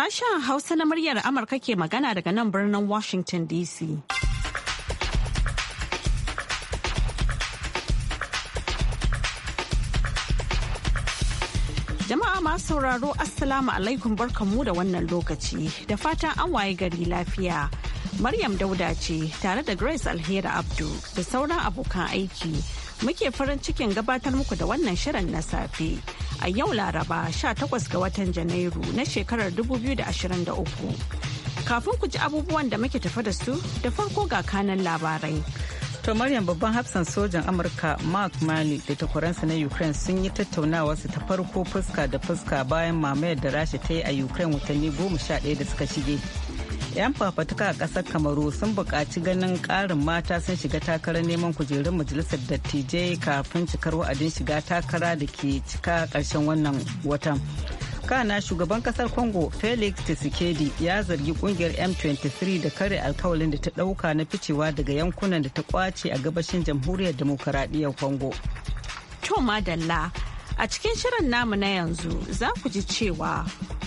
Sashen Hausa na muryar Amurka ke magana daga nan birnin Washington DC. Jama'a masu sauraro Assalamu alaikum barkanmu da wannan lokaci da fatan an waye gari lafiya. Maryam Dauda ce tare da Grace Alheri Abdu da sauran abokan aiki muke farin cikin gabatar muku da wannan shirin na safe. a yau Laraba 18 ga watan Janairu na shekarar 2023. Kafin ku ji abubuwan da muke tafa da su da farko ga kanan labarai. To Maryam babban hafsan sojan Amurka Mark Mali da takwaransa na Ukraine sun yi tattaunawa su ta farko fuska da fuska bayan mamayar da Rasha ta yi a Ukraine watanni goma sha ɗaya da suka shige. 'yan fafatuka a kasar kamaru sun bukaci ganin ƙarin mata sun shiga takarar neman kujerun majalisar dattijai kafin cikar wa'adin shiga takara da ke cika ƙarshen wannan watan kana shugaban kasar congo felix tshisekedi ya zargi kungiyar m23 da kare alkawalin da ta dauka na ficewa daga yankunan da ta kwace a gabashin jamhuriyar demokaradiyyar congo to madalla A cikin shirin namu na yanzu za ku ji cewa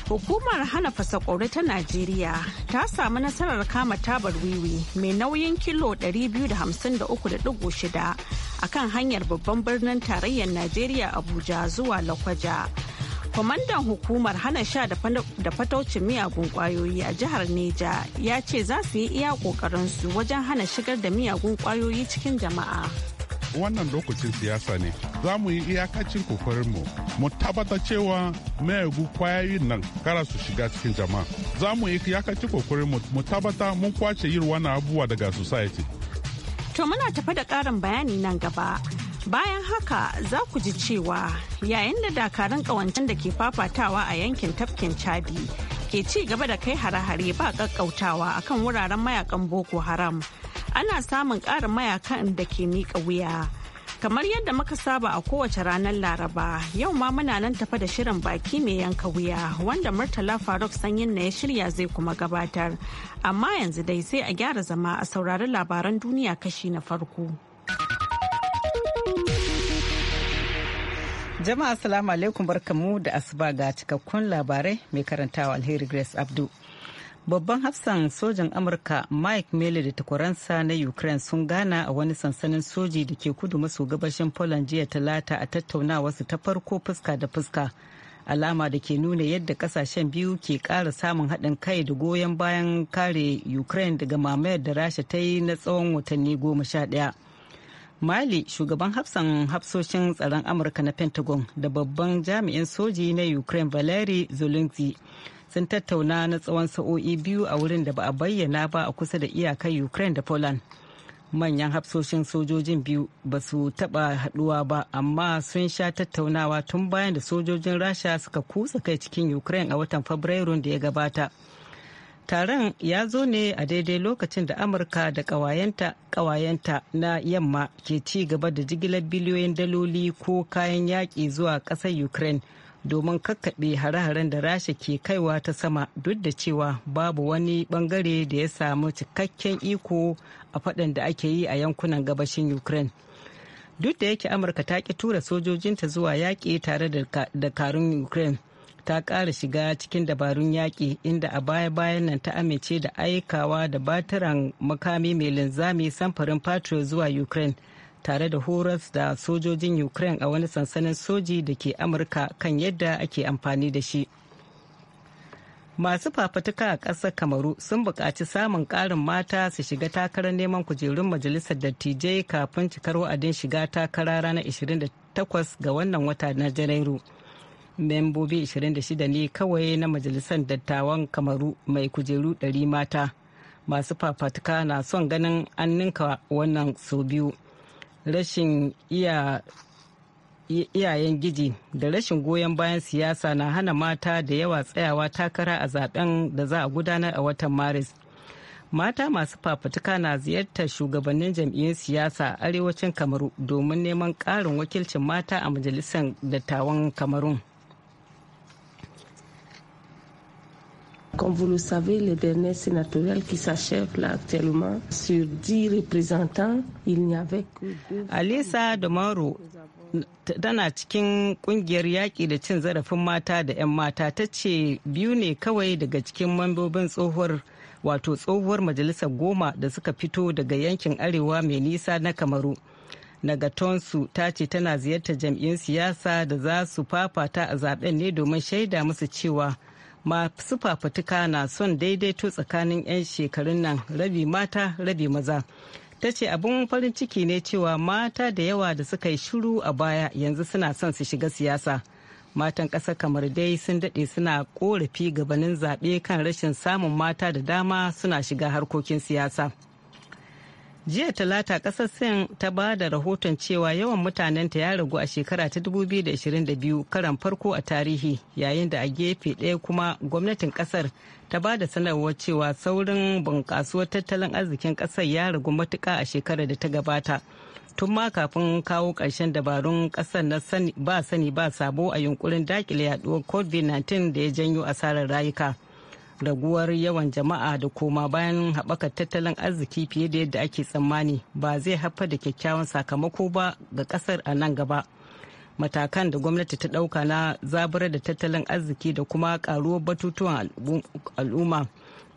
hukumar hana kwaure ta Najeriya ta samu nasarar kama tabar wiwi mai nauyin kilo 253.6 a kan hanyar babban birnin tarayyar Najeriya Abuja zuwa Lakwaja. Kwamandan hukumar hana sha da fataucin miyagun kwayoyi a jihar Neja ya ce za su yi iya ƙoƙarinsu wajen hana shigar da miyagun kwayoyi cikin jama'a. wannan lokacin siyasa ne za mu yi iyakacin kokarinmu mu tabbatar cewa mayagu kwayoyin nan kara su shiga cikin jama'a za mu yi iyakacin kokarinmu mu tabbata mun kwace yin wannan abubuwa daga society to muna tafi da karin bayani nan gaba bayan haka za ku ji cewa yayin da dakarun kawancin da ke fafatawa a yankin tafkin chadi ke ci gaba da kai hare-hare ba kakkautawa akan wuraren mayakan boko haram ana samun ƙarin mayakan da ke miƙa wuya. Kamar yadda muka saba a kowace ranar Laraba, yau ma muna nan tafa da shirin baki mai yanka wuya wanda Murtala Faruk Sanyin na ya shirya zai kuma gabatar. Amma yanzu dai sai a gyara zama a saurari labaran duniya kashi na farko. Jama'a Assalamu alaikum barkamu da asuba ga cikakkun labarai mai karantawa Alheri Grace Abdu. babban hafsan sojan amurka mike mele da takwaransa na ukraine sun gana a wani sansanin soji da ke kudu maso gabashin poland jiya talata a su ta farko fuska da fuska alama da ke nuna yadda kasashen biyu ke kara samun haɗin kai da goyon bayan kare ukraine daga mamayar da rasha ta yi na tsawon watanni goma sha ɗaya mali shugaban hafsan hafsoshin tsaron amurka na pentagon da babban jami'in soji na ukraine valeri zelensky sun tattauna na tsawon sa'o'i biyu a wurin da ba a bayyana ba a kusa da iyakar ukraine da poland manyan hafsoshin sojojin biyu ba su taba haduwa ba amma sun sha tattaunawa tun bayan da sojojin rasha suka kutsa kai cikin ukraine a watan fabrairun da ya gabata taron ya zo ne a daidai lokacin da amurka da kawayenta kawayenta na yamma ke ci gaba da jigilar biliyoyin daloli ko kayan yaƙi zuwa ƙasar ukraine domin kakkaɓe hare-haren da rasha ke kaiwa ta sama duk da cewa babu wani bangare da ya samu cikakken iko a faɗin da ake yi a yankunan gabashin ukraine duk da yake amurka ta ki tura sojojinta zuwa yaƙi tare da dakarun ukraine ta ƙara shiga cikin dabarun yaƙi inda a baya-bayan nan ta amince da aikawa da batiran makami mai linzami samfurin patriot zuwa ukraine tare da horas da sojojin ukraine a wani sansanin soji da ke amurka kan yadda ake amfani da shi masu fafatuka a ƙasar kamaru sun buƙaci samun ƙarin mata su shiga takarar neman kujerun majalisar dattijai kafin cikar wa'adin shiga takara ranar 28 ga wannan wata na janairu membobi 26 ne kawai na majalisar dattawan kamaru mai kujeru 100 mata masu fafatuka na son ganin an ninka wannan sau biyu rashin iya iyayen giji da rashin goyon bayan siyasa na hana mata da yawa tsayawa takara a zaben da za a gudanar a watan maris mata masu fafutuka na ziyartar shugabannin jam'iyyun siyasa a arewacin kamaru domin neman ƙarin wakilcin mata a majalisar dattawan kamarun Comme vous le savez, les dernières sénatoriales qui s'achèvent là actuellement, sur dix représentants, il n'y avait que deux. Alisa Damaro tana cikin kungiyar yaƙi da cin zarafin mata da 'yan mata ta ce biyu ne kawai daga cikin mambobin tsohuwar wato tsohuwar majalisar goma da suka fito daga yankin arewa mai nisa na kamaru nagatonsu ta ce tana ziyartar jam'in siyasa da za su fafata a zaben ne domin shaida musu cewa masu fafatuka na son daidaito tsakanin 'yan shekarun nan rabi mata rabi maza ta ce abin farin ciki ne cewa mata da yawa da suka yi shiru a baya yanzu suna son su shiga siyasa matan ƙasa kamar dai sun daɗe suna korafi gabanin zaɓe kan rashin samun mata da dama suna shiga harkokin siyasa. jiya talata kasar sin ta ba da rahoton cewa yawan mutanenta ya ragu a shekara ta 2022 karan farko a tarihi yayin da a gefe ɗaya kuma gwamnatin kasar ta ba da sanarwar cewa saurin bunƙasuwar tattalin arzikin kasar ya ragu matuƙa a shekarar da ta gabata tun ma kafin kawo ƙarshen dabarun ƙasar na ba sani ba sabo a yunkurin dakile yaduwar covid-19 da ya janyo asarar rayuka. raguwar yawan jama'a da koma bayan haɓaka tattalin arziki fiye da yadda ake tsammani ba zai haifar da kyakkyawan sakamako ba ga ƙasar a nan gaba matakan da gwamnati ta ɗauka na zaburar da tattalin arziki da kuma ƙaruwar batutuwan al'umma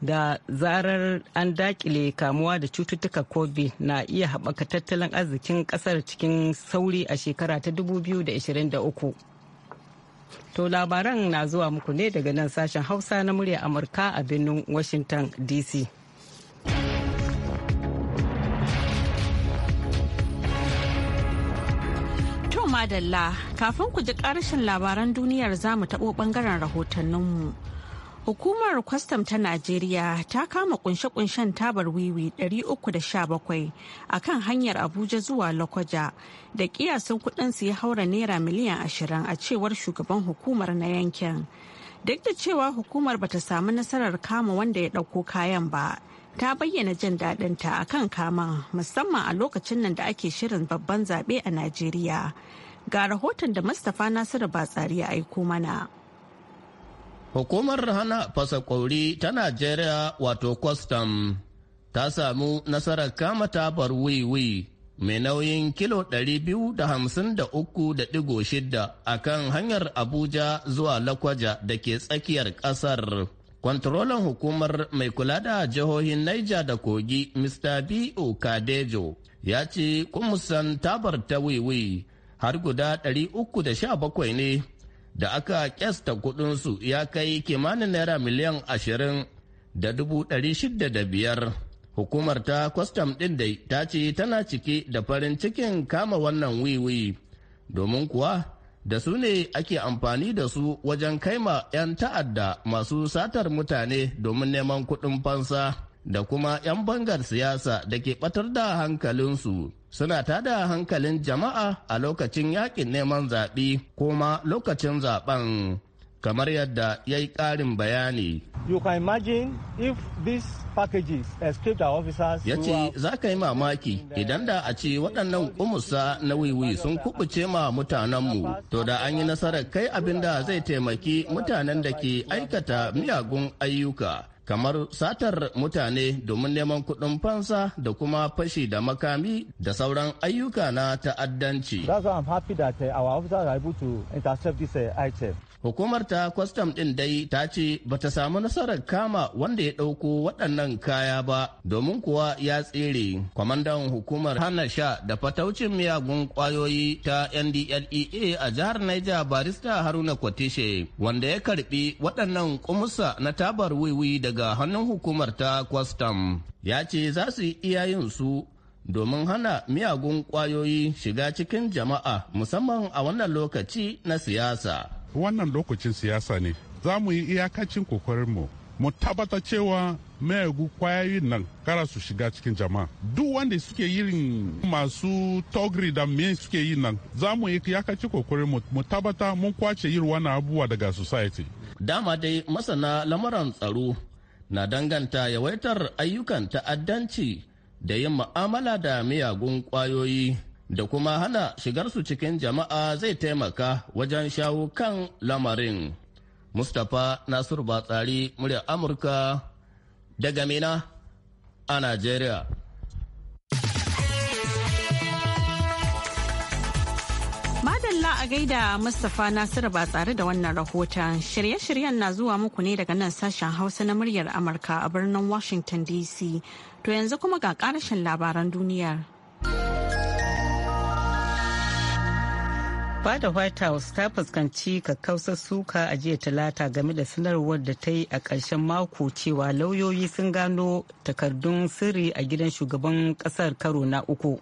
da zarar an daƙile kamuwa da cututtuka covid na iya haɓaka tattalin arzikin ƙasar cikin sauri a shekara ta 2023 To labaran na zuwa muku ne daga nan sashen Hausa na murya Amurka a birnin Washington DC. madalla kafin ku ji karshen labaran duniyar za mu taɓo ɓangaren rahotanninmu. Hukumar kwastam ta Najeriya ta kama kunshe-kunshen tabar wiwi 317 a kan hanyar Abuja zuwa Lokoja da kiyasin su ya haura naira miliyan 20 a cewar shugaban hukumar na yankin. Duk da cewa hukumar bata samu nasarar kama wanda ya ɗauko kayan ba, ta bayyana jin daɗinta a kan kaman musamman a lokacin nan da ake shirin babban zaɓe a Najeriya. Ga rahoton da Mustapha Nasiru Batsari ya aiko mana. Hukumar hana fasa kwauri ta Najeriya wato kwastam ta samu nasarar kama tabar wiwi mai nauyin kilo 253.6 a kan hanyar Abuja zuwa Lakwaja da ke tsakiyar ƙasar. Kwantarolan hukumar mai kula da jihohin Niger da Kogi, Mr. B. Kadejo, ya ce kumusan tabar ta wiwi har guda 317 ne da aka kyasta kudinsu ya kai kimanin naira miliyan ashirin da dubu ɗari shida da biyar hukumar ta kwastam ɗin dai ta ce tana cike da farin cikin kama wannan wiwi domin kuwa da su ne ake amfani da su wajen kaima 'yan ta'adda masu satar mutane domin neman kuɗin fansa da kuma 'yan bangar siyasa da ke ɓatar da hankalinsu suna tada hankalin jama'a a lokacin yakin neman zaɓe ko ma lokacin zaɓen kamar yadda ya yi ƙarin bayani. You can if these packages officers. Ya ce za ka yi mamaki idan da a ce waɗannan ƙumusa na wiwi sun kubuce ma mutanenmu to da an yi nasarar kai abin da zai taimaki mutanen da ke aikata miyagun ayyuka. kamar satar mutane domin neman kuɗin fansa da kuma fashi da makami da sauran ayyuka na ta'addanci. That's why I'm happy that uh, our officers are able to intercept this uh, item. Hukumar ta kwastam ɗin dai ta ce ba ta samu nasarar kama wanda ya ɗauko waɗannan kaya ba domin kuwa ya tsere. Kwamandan hukumar hana sha da fataucin miyagun ƙwayoyi ta NDLEA a jihar Niger barista Haruna Kwatishe wanda ya karbi waɗannan kumusa na tabar wiwi daga hannun hukumar ta kwastam. Ya ce za su yi su domin hana miyagun ƙwayoyi shiga cikin jama'a musamman a wannan lokaci na siyasa. wannan lokacin siyasa ne za mu yi iyakacin kokarinmu mu tabbatar cewa mayagu kwayoyin nan kara su shiga cikin jama'a duk wanda suke yin masu togri da me suke yi nan za mu yi iyakacin kokarin mu tabbata mun kwace yin wani abubuwa daga society dama dai masana lamuran tsaro na danganta yawaitar ayyukan ta'addanci da yin ma'amala da miyagun kwayoyi da kuma hana shigarsu cikin jama'a zai taimaka wajen shawo kan lamarin. Mustapha Nasiru Batsari muryar Amurka daga Mina a Najeriya. Madalla a gaida Mustapha Nasiru Batsari da wannan rahoton shirye-shiryen na zuwa muku ne daga nan sashen Hausa na muryar Amurka a birnin Washington DC. To yanzu kuma ga ƙarashin labaran duniyar. fada white house ta fuskanci kakkausa suka a jiya talata game da sanarwar da ta yi a ƙarshen mako cewa lauyoyi sun gano takardun sirri a gidan shugaban ƙasar karo na uku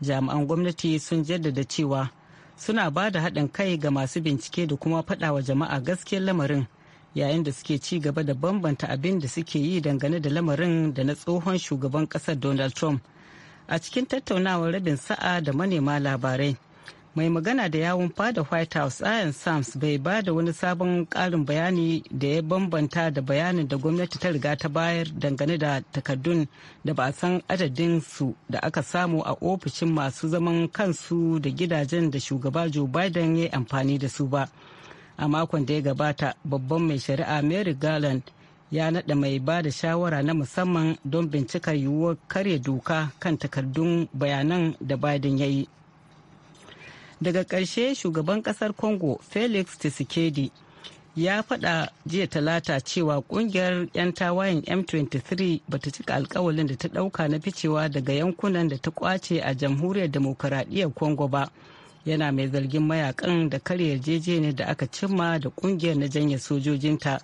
jami'an gwamnati sun jaddada cewa suna ba da haɗin kai ga masu bincike da kuma faɗa wa jama'a gaskiyar lamarin yayin da suke ci gaba da bambanta abin da suke yi dangane da lamarin da na tsohon shugaban ƙasar donald trump a cikin tattaunawar rabin sa'a da manema labarai mai magana da yawun fada white house ayan sams bai ba da wani sabon karin bayani da ya bambanta da bayanin da gwamnati ta riga ta bayar dangane da takardun da ba a san adadin su da aka samu a ofishin masu zaman kansu da gidajen da shugaba joe biden ya amfani da su ba a makon da ya gabata babban mai shari'a mary garland ya naɗa mai ba da shawara na musamman don bincikar yiwuwar karya doka kan takardun bayanan da biden ya yi daga ƙarshe shugaban ƙasar congo felix tisikedi ya faɗa jiya talata cewa ƙungiyar 'yan tawayen m23 bata cika alkawalin da ta ɗauka na ficewa daga yankunan da ta kwace a jamhuriyar demokaradiyyar congo ba yana mai zargin mayakan da kare yarjejeniyar da aka cimma da ƙungiyar na janye sojojinta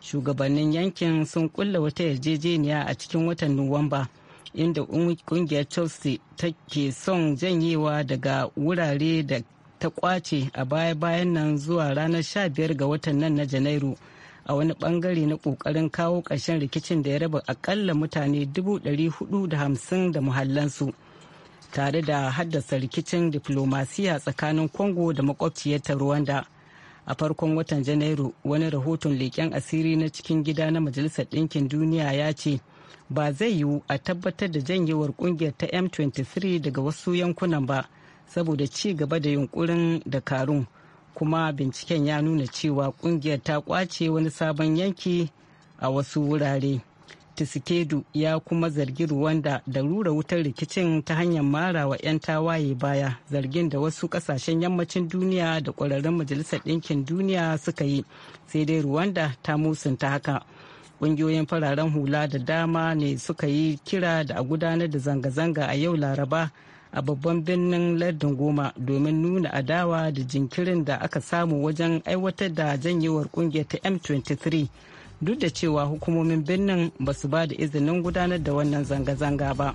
shugabannin yankin sun kulla wata yarjejeniya a cikin watan nuwamba. inda kungiyar chelsea take son janyewa daga wurare da ta kwace a baya-bayan nan zuwa ranar 15 ga watan nan na janairu a wani bangare na kokarin kawo ƙarshen rikicin da ya raba akalla mutane 450 da muhallansu tare da haddasa rikicin diplomasiya tsakanin congo da makwabciyarta rwanda a farkon watan janairu wani rahoton leƙen asiri na cikin gida na majalisar ɗinkin duniya ya ce ba zai yiwu a tabbatar da janyewar kungiyar ta m23 daga wasu yankunan ba saboda ci gaba da yunkurin dakarun kuma binciken ya nuna cewa kungiyar ta kwace wani sabon yanki a wasu wurare tisikedu ya kuma zargi ruwanda da rura wutar rikicin ta hanyar mara wa 'yan tawaye baya zargin da wasu kasashen yammacin duniya da ƙwararrun majalisar ɗinkin duniya suka yi sai dai ruwanda ta musunta haka Ƙungiyoyin fararen hula da dama ne suka yi kira da a gudanar da zanga-zanga a yau Laraba a babban birnin lardin goma domin nuna adawa da jinkirin da aka samu wajen aiwatar da janyewar kungiyar ta m23 duk da cewa hukumomin birnin ba su ba da izinin gudanar da wannan zanga-zanga ba.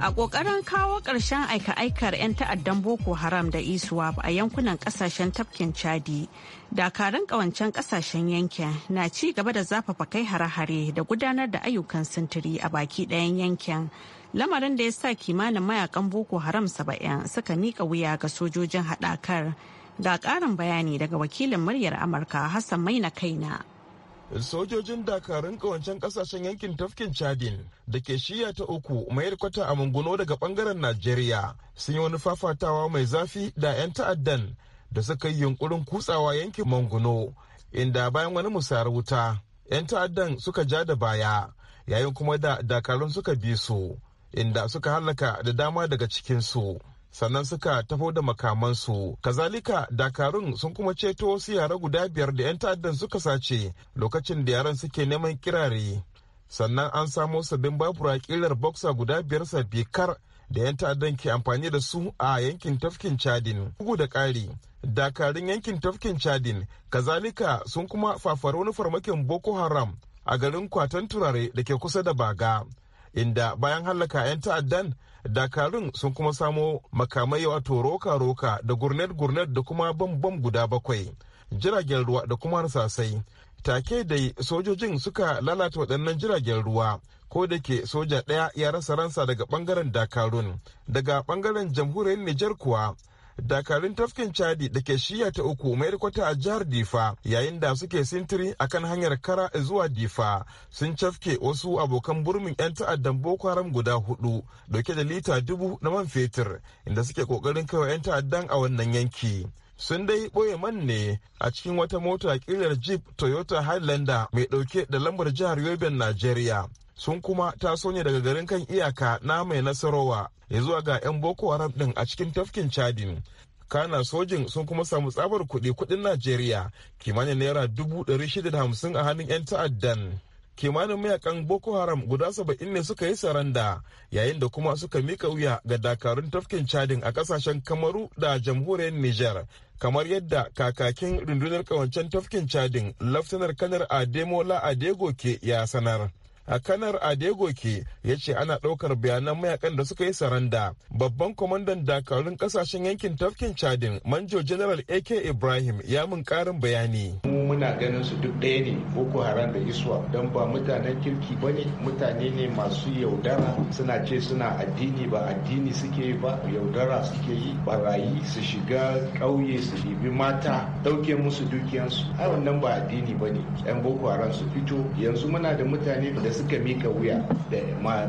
A ƙoƙarin kawo ƙarshen aika-aikar 'yan ta'addan Boko Haram da Isuwa e a yankunan ƙasashen tafkin Chadi, dakarun ƙawancen ƙasashen yankin na ci gaba da zafafa kai hare-hare da gudanar da ayyukan sintiri a baki ɗayan yankin. Lamarin da ya sa kimanin mayakan Boko Haram saba'in suka miƙa wuya ga sojojin haɗakar. Ga ƙarin bayani daga wakilin muryar Amurka Hassan Maina Kaina. sojojin dakarun kawancen kasashen yankin tafkin chadin da ke shiya ta uku mayar kwata a munguno daga bangaren najeriya sun yi wani fafatawa mai zafi da 'yan ta'addan da suka yi yunkurin kutsawa yankin manguno inda bayan wani musayar wuta 'yan ta'addan suka ja da baya yayin kuma da dakarun suka bi su inda suka hallaka da dama daga cikinsu. sannan suka taho da makamansu kazalika dakarun sun kuma ceto wasu yara guda biyar da 'yan ta'addan suka sace lokacin da yaran suke neman kirare sannan an samo sabbin babura kilar boxer guda biyar sabbi kar da 'yan ta'addan ke amfani da su a yankin tafkin chadin bugu da ƙari dakarun yankin tafkin chadin kazalika sun kuma fafari wani farmakin boko haram a garin kwatan turare da ke kusa da baga inda bayan hallaka 'yan ta'addan dakarun sun kuma samo makamai wato roka-roka da gurnet-gurnet da kuma bambam guda bakwai jiragen ruwa da kuma harsasai take dai sojojin suka lalata waɗannan jiragen ruwa ko da ke soja ɗaya ya rasa ransa daga ɓangaren dakarun daga ɓangaren jamhuriyar nijar kuwa dakarun tafkin chadi da ke shiya ta uku mai kwata a jihar difa yayin da suke sintiri akan hanyar kara zuwa difa sun cafke wasu abokan burmin 'yan ta'addan boko haram guda hudu dauke da lita dubu na man fetur inda suke kokarin kawai 'yan ta'addan a wannan yanki sun dai ɓoye man ne a cikin wata mota kilar jeep toyota highlander mai ɗauke da lambar jihar yobe nigeria sun kuma ta ne daga garin kan iyaka na mai nasarowa ya zuwa ga 'yan boko haram ɗin a cikin tafkin chadin kana sojin sun kuma samu tsabar kuɗi kuɗin najeriya kimanin naira dubu ɗari shida da hamsin a hannun 'yan ta'addan kimanin mayakan boko haram guda saba'in ne suka yi saranda yayin da kuma suka mika wuya ga dakarun tafkin chadin a kasashen kamaru da jamhuriyar niger kamar yadda kakakin rundunar kawancen tafkin chadin laftanar kanar ademola adegoke ya sanar a kanar adegoke ya ce ana ɗaukar bayanan mayakan da suka yi saranda babban kwamandan dakarun kasashen yankin tafkin chadin manjo general ak ibrahim ya mun karin bayani muna ganin su duk ɗaya ne boko haram da iswa don ba mutanen kirki ba ne mutane ne masu yaudara suna ce suna addini ba addini suke yi ba yaudara suke yi barayi su shiga ƙauye su bibi mata ɗauke musu dukiyansu ai wannan ba addini ba ne yan boko haram su fito yanzu muna da mutane da suka mika wuya da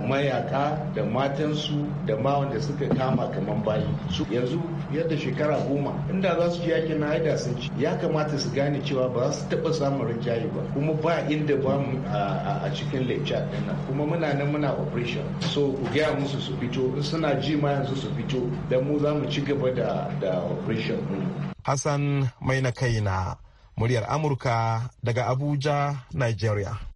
mayaka da matansu da ma wanda suka kama kaman bayi su yanzu yadda shekara goma inda za su ji yakin na haida sun ci ya kamata su gane cewa ba su taɓa samun rinjaye ba kuma ba inda ba mu a cikin lecture ɗin nan kuma muna nan muna operation so ku gaya musu su fito suna ji ma yanzu su fito dan mu za mu ci gaba da operation ɗin. Hassan mai na kaina muryar Amurka daga Abuja, Nigeria.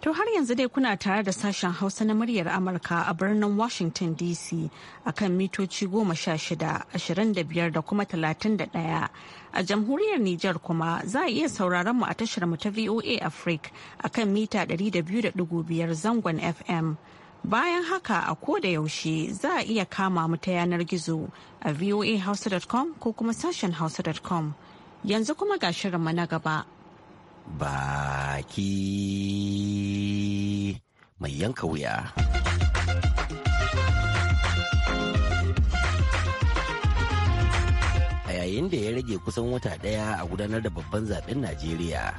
To har yanzu dai kuna tare da sashen Hausa na muryar Amurka a birnin Washington DC a kan mitoci goma sha shida, ashirin da biyar da kuma talatin da ɗaya. A jamhuriyar Nijar kuma za a iya sauraron mu a tashar mu ta VOA Africa a kan mita ɗari da biyu da biyar zangon FM. Bayan haka a ko da yaushe za a iya kama mu ta yanar gizo a voahausa.com ko kuma sashen hausa.com. Yanzu kuma ga shirinmu na gaba. baki mai yanka wuya. A yayin da ya rage kusan wata ɗaya a gudanar da babban zaben Najeriya,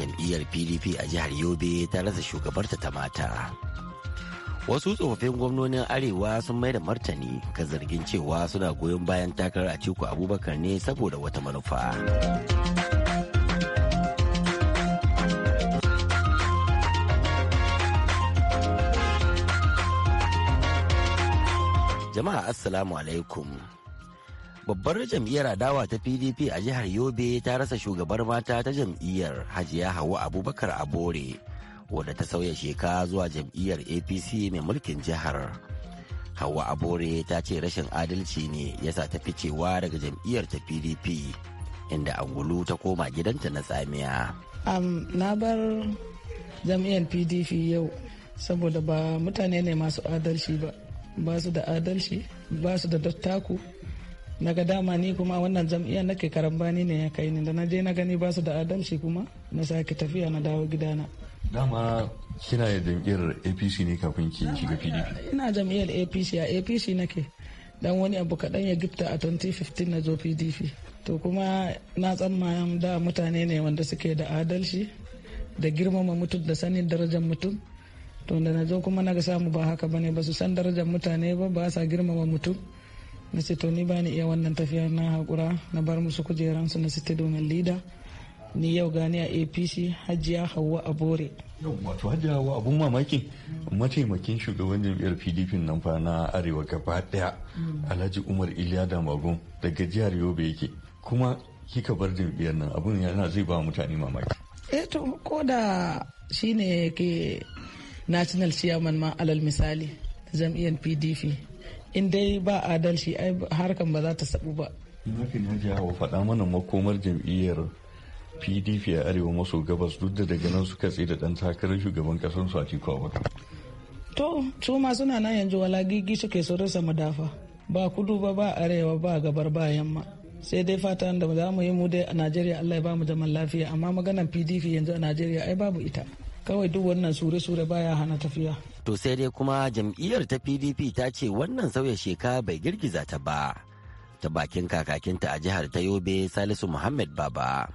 jam'iyyar PDP a jihar Yobe ta rasa shugabarta ta mata. Wasu tsofaffin gwamnonin Arewa sun mai da martani ga zargin cewa suna goyon bayan takarar a ciku Abubakar ne saboda wata manufa. Jama'a Assalamu alaikum. Babbar jam'iyyar adawa ta PDP a jihar Yobe ta rasa shugabar mata ta jam'iyyar Hajiya Hauwa Abubakar Abore wadda ta sauya sheka zuwa jam'iyyar APC mai mulkin jihar. Hauwa Abore ta ce rashin adalci ne yasa ta fi cewa daga jam'iyyar ta PDP inda angulu ta koma gidanta na tsamiya. Um, na bar jam'iyyar PDP yau saboda ba mutane ne masu adalci ba. ba su da adalci ba su da dattaku naga dama ni kuma wannan jam'iyyar nake karambani ne ya kai ni da na je na gani ba su da adalci kuma na sake tafiya na dawo gidana dama kina da jam'iyyar apc ne kafin ki shiga pdp ina jam'iyyar apc a apc nake dan wani abu kaɗan ya gifta a 2015 na zo pdp to kuma na tsammanin da mutane ne wanda suke da adalci da girmama mutum da sanin darajar mutum to da na zo kuma na ga samu ba haka bane ba su san darajar mutane ba ba sa girmama mutum na ce to ni ba ni iya wannan tafiya na hakura na bar musu su na sita domin lida ni yau gani a apc hajiya hawa abore wato hajiya hawa abun mamakin mataimakin shugaban jam'iyyar pdp nan fa na arewa gaba daya alhaji umar iliya da damagun daga jihar yobe yake kuma kika bar jam'iyyar nan abun yana zai ba mutane mamaki eh to ko da shine ke national chairman ma alal misali jam'iyyar pdp in dai ba adalci ai harkan ba za ta sabu ba mafi jawo faɗa mana makomar jam'iyyar pdp a arewa maso gabas duk da daga nan suka tsaye da ɗan takarar shugaban ƙasar su a ciko to su ma suna nan yanzu wala gigi suke su rasa madafa ba kudu ba ba arewa ba gabar ba yamma sai dai fata da za mu yi mu dai a najeriya allah ya ba mu zaman lafiya amma maganar pdp yanzu a najeriya ai babu ita kawai duk wannan sure-sure baya hana tafiya to sai dai kuma jam'iyyar ta pdp ta ce wannan sauya sheka bai girgiza ta ba ta bakin kakakinta a jihar ta yobe salisu muhammad baba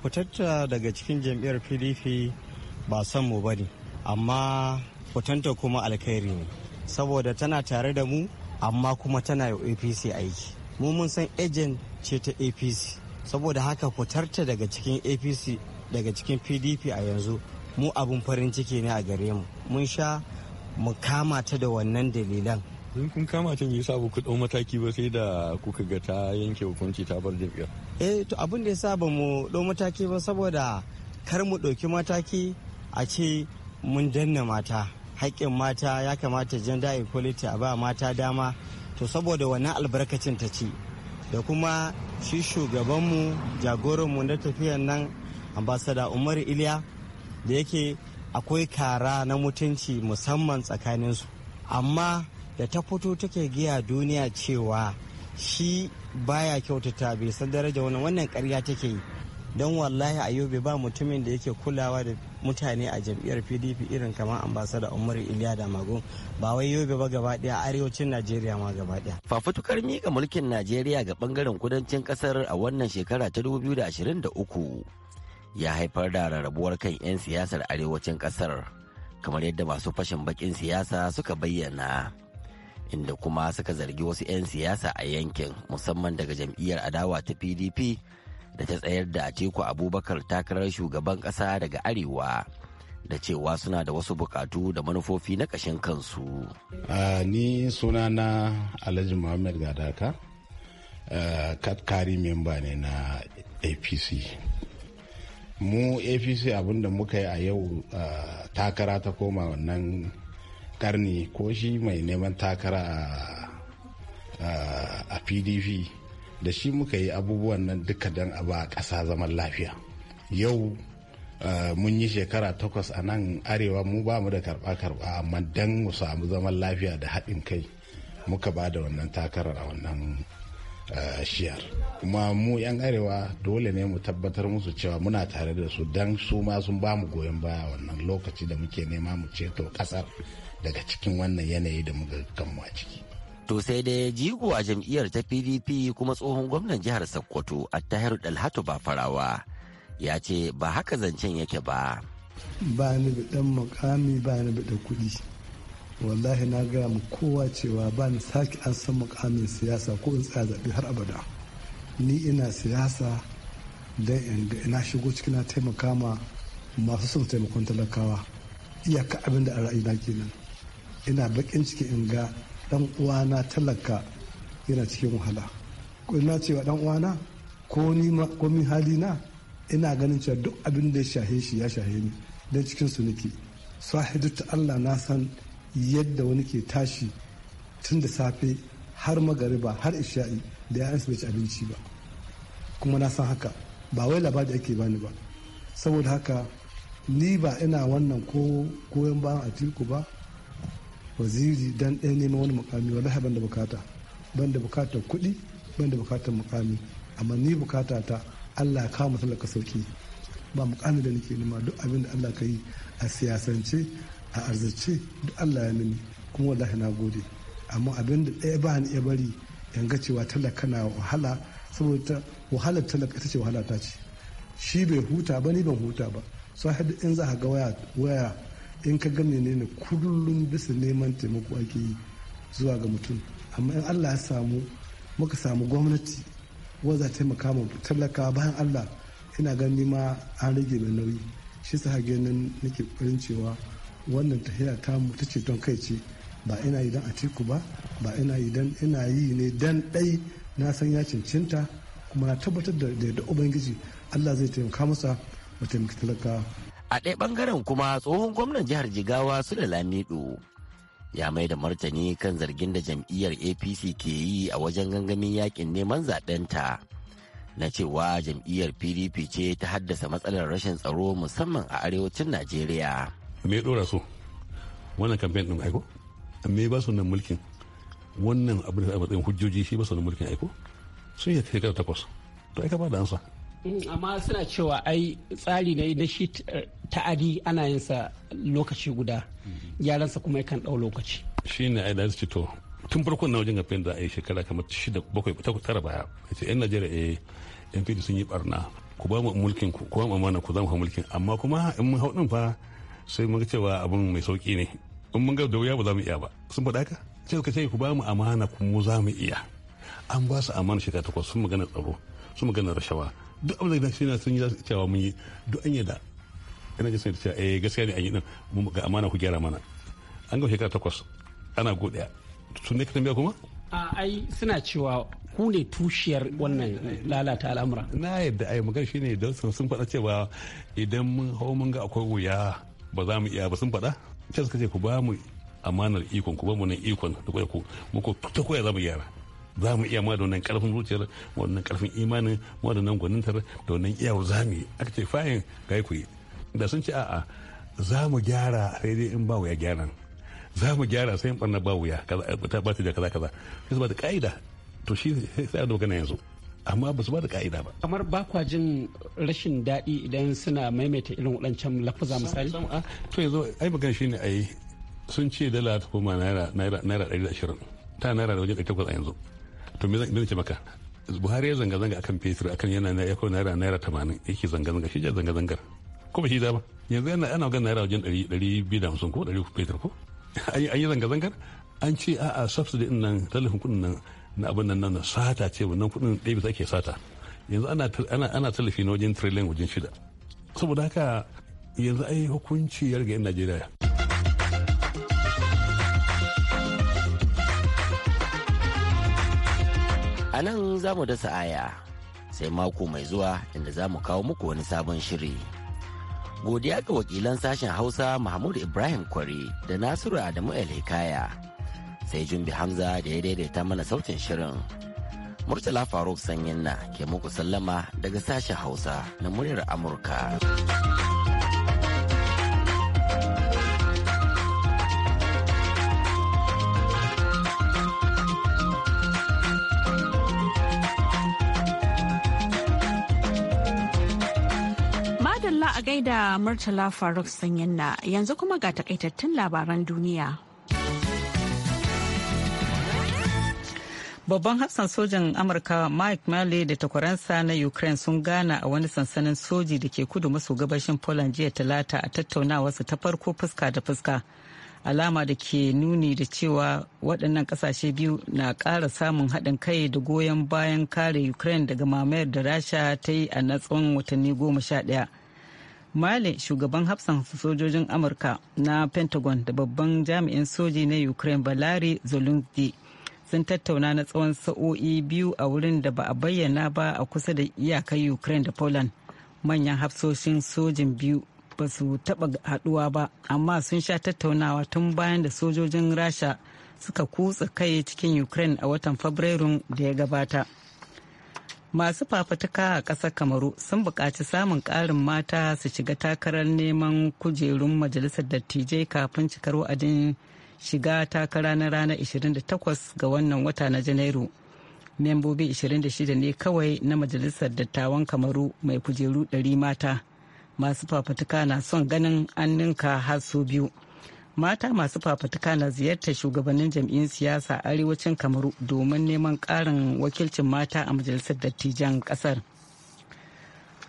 fitatta daga cikin jam'iyyar pdp ba san mu bane amma fitanta kuma alkhairi ne saboda tana tare da mu amma kuma tana yi apc aiki mu mun san ejen ce ta apc saboda haka fitarta daga cikin apc daga cikin pdp a yanzu mu abun farin ciki ne a gare mu mun sha mu kama ta da wannan dalilan in kun kama ta yasa ba ku mataki ba sai da kuka ga ta yanke hukunci ta bar jam'iyyar eh to abin da yasa ba mu ɗau mataki ba saboda kar mu ɗauki mataki a ce mun danna mata haƙƙin mata ya kamata gender equality a ba mata dama to saboda wannan albarkacin ta ci da kuma shi shugabanmu jagoranmu na tafiyan nan ambasada umar iliya da yake akwai kara na mutunci musamman tsakanin su amma da ta fito take giya duniya cewa shi baya kyautata bai san daraja wannan wannan karya take yi don wallahi a yobe ba mutumin da yake kulawa da mutane a jam'iyyar pdp irin kamar ambasada umar iliya da mago ba wai yobe ba gaba daya arewacin najeriya ma gaba daya fafutukar miƙa mulkin najeriya ga bangaren kudancin kasar a wannan shekara ta 2023 ya haifar da rarrabuwar kan 'yan siyasar arewacin kasar kamar yadda masu fashin bakin siyasa suka bayyana inda kuma suka zargi wasu 'yan siyasa a yankin musamman daga jam'iyyar adawa ta pdp da ta tsayar da atiku abubakar takarar shugaban kasa daga arewa da cewa suna da wasu bukatu da manufofi na kashin kansu. ni suna na alhaji muhammad gadaka eh, katkari memba ne na apc mu apc abinda muka yi a yau takara ta koma wannan karni ko shi mai neman takara a pdp da shi muka yi abubuwan nan duka don a ba ƙasa zaman lafiya yau mun yi shekara takwas a nan arewa mu ba mu da karɓa-karɓa amma don mu samu zaman lafiya da haɗin kai muka ba da wannan takarar a wannan Eh, shiyar kuma mu 'yan arewa dole ne mu tabbatar musu cewa muna tare da su don su ma sun ba mu goyon baya wannan lokaci da muke nema mu ceto kasar daga cikin wannan yanayi da muka kanmu a ciki to sai dai jigo a jam'iyyar ta pdp kuma tsohon gwamnan jihar sokoto attahiru dalhatu ba farawa ya ce ba haka zancen yake ba ba ni da dan mukami ba ni da kuɗi wallahi na gaya mu kowa cewa ba ni sake an san mukamin siyasa ko in tsaya zaɓe har abada ni ina siyasa don in ina shigo cikin na taimaka ma masu son taimakon talakawa iyaka abin da a na kenan ina bakin ciki in ga dan uwana talaka yana cikin wahala na cewa dan uwana ko ni ma ko mi halina ina ganin cewa duk abin da ya shahe shi ya shahe ni dan cikin su nake sahidu ta Allah na san yadda wani ke tashi tun da safe har magariba har isha'i da ya'yansu bai ci abinci ba kuma na san haka ba wai labari ake bani ba saboda haka ni ba ina wannan ko ba a atiku ba waziri dan ɗaya nema wani mukami wallahi ban da bukata ban da bukatar kuɗi ban da bukatar mukami amma ni bukata ta allah ya kawo ka sauki ba mukami da nake nema duk abin da allah ka yi a siyasance a arzice duk Allah ya mini kuma wallahi na gode amma abin da ɗaya ba ya bari yanga cewa talaka na wahala saboda wahalar talaka ita ce wahala ta ce shi bai huta ba ni ban huta ba so haɗu in za a ga waya in ka gane ne ne kullum bisa neman taimako ake yi zuwa ga mutum amma in Allah ya samu muka samu gwamnati za ta taimaka mu talaka bayan Allah ina gani ma an rage mai nauyi shi sa ganin nake farin cewa wannan tafiya tamu ta ce don kai ce ba ina yi don atiku ba ba ina yi don ina yi ne dan ɗai na san ya cincinta kuma na tabbatar da yadda ubangiji allah zai taimaka masa mu taimaki talaka a ɗaya ɓangaren kuma tsohon gwamnan jihar jigawa su da lamido ya mai da martani kan zargin da jam'iyyar apc ke yi a wajen gangamin yakin neman zaɓenta na cewa jam'iyyar pdp ce ta haddasa matsalar rashin tsaro musamman a arewacin najeriya me ya dora su wannan kamfen din aiko me ba su nan mulkin wannan abin da a matsayin hujjoji shi ba su nan mulkin aiko sun yi shekara takwas to aika ba da ansa mm, amma suna cewa ai tsari ne na shi eh, ta'adi ana yin sa lokaci guda mm-hmm. yaransa kuma yakan dau lokaci shi ne ai da su to tun farkon na wajen kamfen da ai shekara kamar 6 bakwai tara baya ce yan najeriya eh yan fidi sun yi barna ku ba mu mulkin ku ba mu amana ku za mu mulkin amma kuma in mun hau din fa sai mun cewa abin mai sauki ne in mun ga da wuya ba za mu iya ba sun faɗa ka sai ka ce ku ba mu amana mu za mu iya an ba su amana shekara takwas sun magana tsaro sun magana rashawa duk abin da shi na sun yi cewa mun yi duk an yi da ina ji sun cewa eh gaskiya ne an yi din ga amana ku gyara mana an ga shekara takwas ana godiya sun ne ka tambaya kuma a ai suna cewa ku ne tushiyar wannan lalata al'amura na yadda ai magana shine da sun faɗa cewa idan mun hau mun ga akwai wuya ba za mu iya ba sun faɗa can suka ce ku ba mu amanar ikon ku ba mu nan ikon da kwaya ku muku ta koya za mu yara za mu iya ma da wannan karfin zuciyar wannan karfin imanin ma da gwanintar da wannan iyawa za mu yi aka ce fayin ga ku yi da sun ce a'a za mu gyara sai dai in ba wuya gyaran za mu gyara sai in barna ba wuya kaza ba ta da kaza kaza sai su ba da ka'ida to shi sai a da magana yanzu amma ba su ba da ka'ida ba kamar ba kwa jin rashin daɗi idan suna maimaita irin waɗancan lafuza misali ah. to yanzu ai magana shine ai sun ce dala ta koma naira naira ɗari da ashirin ta naira da wajen ɗari takwas a yanzu to me zan ce maka buhari ya zanga-zanga akan fetur akan yana ya kawo naira naira tamanin yake zanga-zanga shi ja zanga-zangar ko shi zama yanzu yana ana gan naira wajen ɗari biyu da hamsin ko ɗari fetur ko an yi zanga-zangar an ce a'a subsidy ɗin nan tallafin kuɗin nan na abin nan na sata ce wannan kudin ɗaya ke sata yanzu ana tallafi na wajen trillion wajen shida saboda haka yanzu ai hukunci ya riga najeriya a nan za mu dasa aya sai mako mai zuwa inda za mu kawo muku wani sabon shiri godiya ga wakilan sashen hausa mahmud ibrahim kwari da nasiru adamu el hikaya sai jumbi hamza da ya daidaita mana sautin shirin murtala faruk sanyin na ke muku sallama daga sashen hausa na muryar amurka madalla a gaida Murtala Faruk Sanyin yanzu kuma ga takaitattun labaran duniya. Babban hafsan sojan Amurka Mike Malley da takwaransa na Ukraine sun gana a wani sansanin soji da ke kudu maso gabashin Poland jiya talata a tattaunawarsa ta farko fuska da fuska. Alama da ke nuni da cewa waɗannan ƙasashe biyu na ƙara samun haɗin kai da goyon bayan kare Ukraine daga mamayar da Rasha ta yi a na watanni goma sha ɗaya. Male shugaban hafsan sojojin Amurka na Pentagon da babban jami'in soji na Ukraine Valari Zolensky sun tattauna na tsawon sa'o'i biyu a wurin da ba a bayyana ba a kusa da iyakar ukraine da poland manyan hafsoshin sojin biyu ba su taɓa haɗuwa ba amma sun sha tattaunawa tun bayan da sojojin rasha suka kutsa kai cikin ukraine a watan fabrairun da ya gabata masu fafatuka a ƙasar kamaru sun buƙaci samun ƙarin mata su shiga takarar neman kujerun majalisar dattijai kafin cikar wa'adin shiga takara na ranar 28 ga wannan wata na janairu membobi 26 ne kawai na majalisar dattawan kamaru mai kujeru 100 mata masu fafatuka na son ganin an ninka har su biyu mata masu fafatuka na ziyartar shugabannin jam'in siyasa arewacin kamaru domin neman ƙarin wakilcin mata a majalisar dattijan ƙasar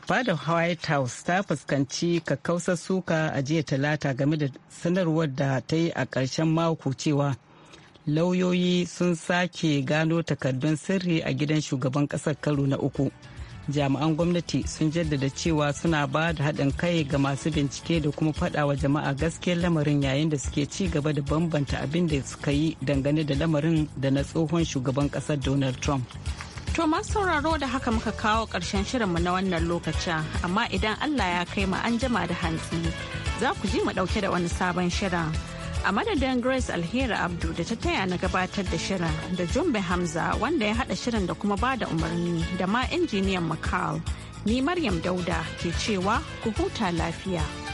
fadar white house ta fuskanci kakkausar suka a jiya talata game da sanarwar da ta yi a ƙarshen mako cewa lauyoyi sun sake gano takardun sirri a gidan shugaban ƙasar karo na uku jami'an gwamnati sun jaddada cewa suna ba da haɗin kai ga masu bincike da kuma faɗa wa jama'a gaskiyar lamarin yayin da suke ci gaba da bambanta abin da suka yi dangane da lamarin da na tsohon shugaban ƙasar donald trump To masu sauraro da haka muka kawo ƙarshen shirinmu na wannan lokacin amma idan Allah ya kai mu an jima da hantsi za ku ji mu ɗauke da wani sabon shirin. A madadin Grace Alheri Abdu da ta taya na gabatar da shirin da Jumbe Hamza wanda ya haɗa shirin da kuma bada umarni da ma injiniyan Makal. Ni Maryam Dauda ke cewa ku huta lafiya.